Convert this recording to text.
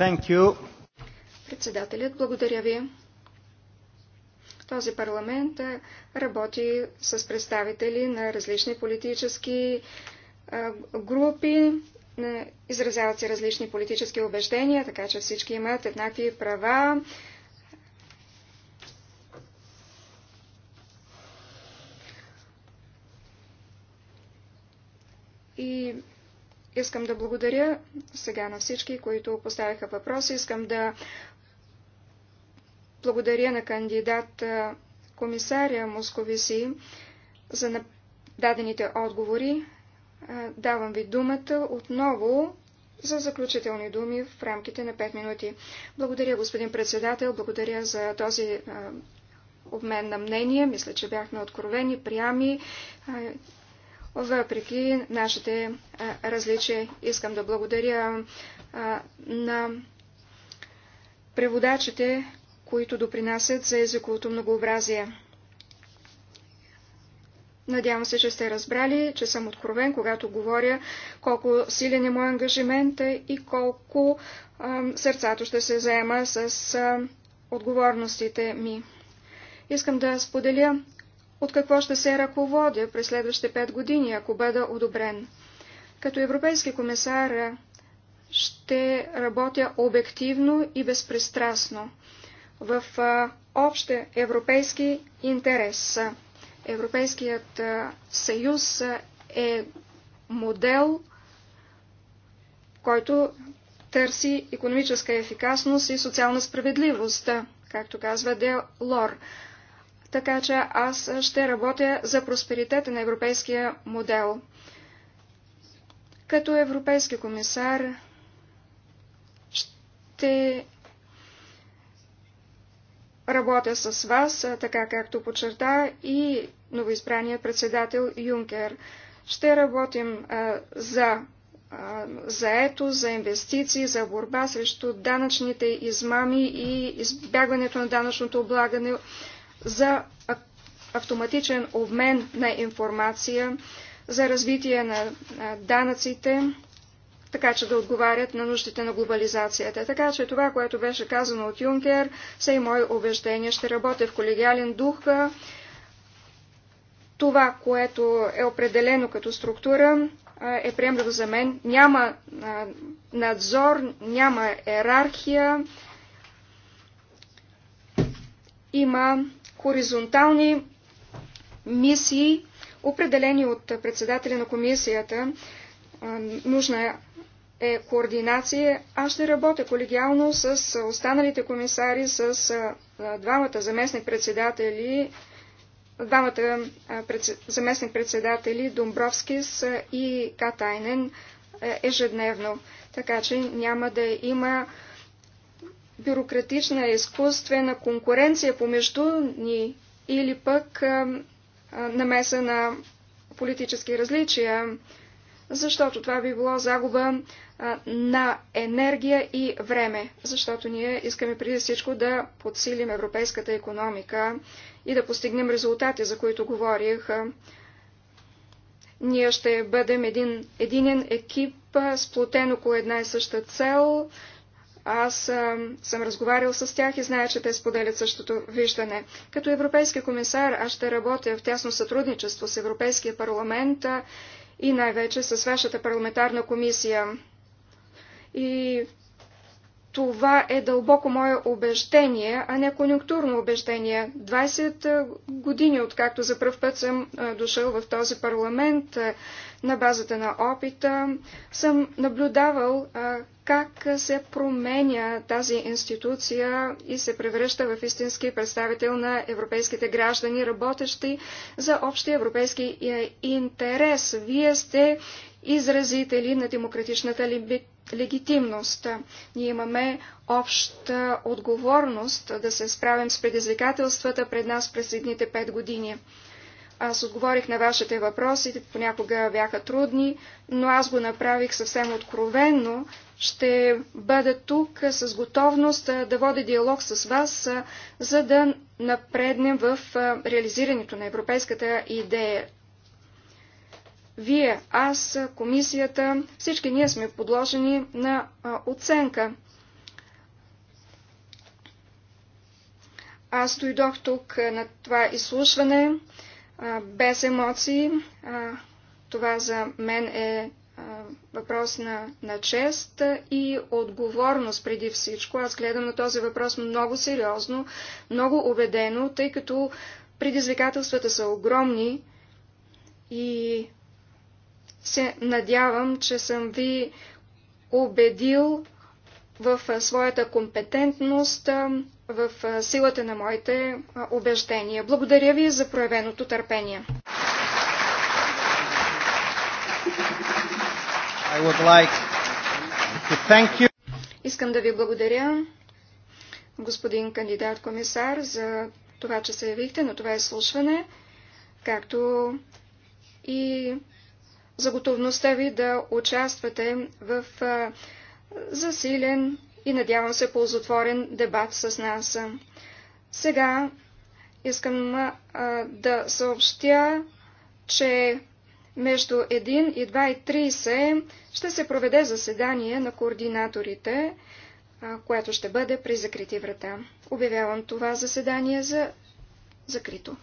Thank you. Председателят, благодаря ви. Този парламент работи с представители на различни политически групи, изразяват се различни политически убеждения, така че всички имат еднакви права. И Искам да благодаря сега на всички, които поставяха въпроси. Искам да благодаря на кандидат комисаря Московиси за дадените отговори. Давам ви думата отново за заключителни думи в рамките на 5 минути. Благодаря, господин председател, благодаря за този обмен на мнение. Мисля, че бяхме откровени, прями въпреки нашите различия. Искам да благодаря на преводачите, които допринасят за езиковото многообразие. Надявам се, че сте разбрали, че съм откровен, когато говоря колко силен е мой ангажимент и колко сърцато ще се заема с отговорностите ми. Искам да споделя от какво ще се ръководя през следващите пет години, ако бъда одобрен. Като европейски комисар ще работя обективно и безпристрастно в общ европейски интерес. Европейският съюз е модел, който търси економическа ефикасност и социална справедливост, както казва Де Лор така че аз ще работя за просперитета на европейския модел. Като европейски комисар ще работя с вас, така както почерта и новоизбрания председател Юнкер. Ще работим а, за заето, за инвестиции, за борба срещу данъчните измами и избягването на данъчното облагане за автоматичен обмен на информация, за развитие на данъците, така че да отговарят на нуждите на глобализацията. Така че това, което беше казано от Юнкер, са и мои убеждения. Ще работя в колегиален дух. Това, което е определено като структура, е приемливо за мен. Няма надзор, няма ерархия, има хоризонтални мисии, определени от председателя на комисията. Нужна е координация. Аз ще работя колегиално с останалите комисари, с двамата заместни председатели двамата заместни председатели Домбровскис и Катайнен ежедневно. Така че няма да има бюрократична изкуствена конкуренция помежду ни или пък намеса на политически различия, защото това би било загуба на енергия и време, защото ние искаме преди всичко да подсилим европейската економика и да постигнем резултати, за които говорих. Ние ще бъдем един единен екип, сплотен около една и съща цел, аз а, съм разговарял с тях и зная, че те споделят същото виждане. Като европейски комисар аз ще работя в тясно сътрудничество с Европейския парламент и най-вече с вашата парламентарна комисия. И това е дълбоко мое обещение, а не конюнктурно обещение. 20 години, откакто за пръв път съм дошъл в този парламент, на базата на опита, съм наблюдавал как се променя тази институция и се превръща в истински представител на европейските граждани, работещи за общия европейски е, интерес. Вие сте изразители на демократичната либит легитимност. Ние имаме обща отговорност да се справим с предизвикателствата пред нас през следните пет години. Аз отговорих на вашите въпроси, понякога бяха трудни, но аз го направих съвсем откровенно. Ще бъда тук с готовност да водя диалог с вас, за да напреднем в реализирането на европейската идея вие, аз, комисията, всички ние сме подложени на оценка. Аз дойдох тук на това изслушване без емоции. Това за мен е въпрос на, на чест и отговорност преди всичко. Аз гледам на този въпрос много сериозно, много убедено, тъй като предизвикателствата са огромни и се надявам, че съм ви убедил в своята компетентност, в силата на моите убеждения. Благодаря ви за проявеното търпение. I would like to thank you. Искам да ви благодаря, господин кандидат-комисар, за това, че се явихте на това изслушване, както и за готовността ви да участвате в засилен и надявам се ползотворен дебат с нас. Сега искам да съобщя, че между 1 и 2 и 30 ще се проведе заседание на координаторите, което ще бъде при закрити врата. Обявявам това заседание за закрито.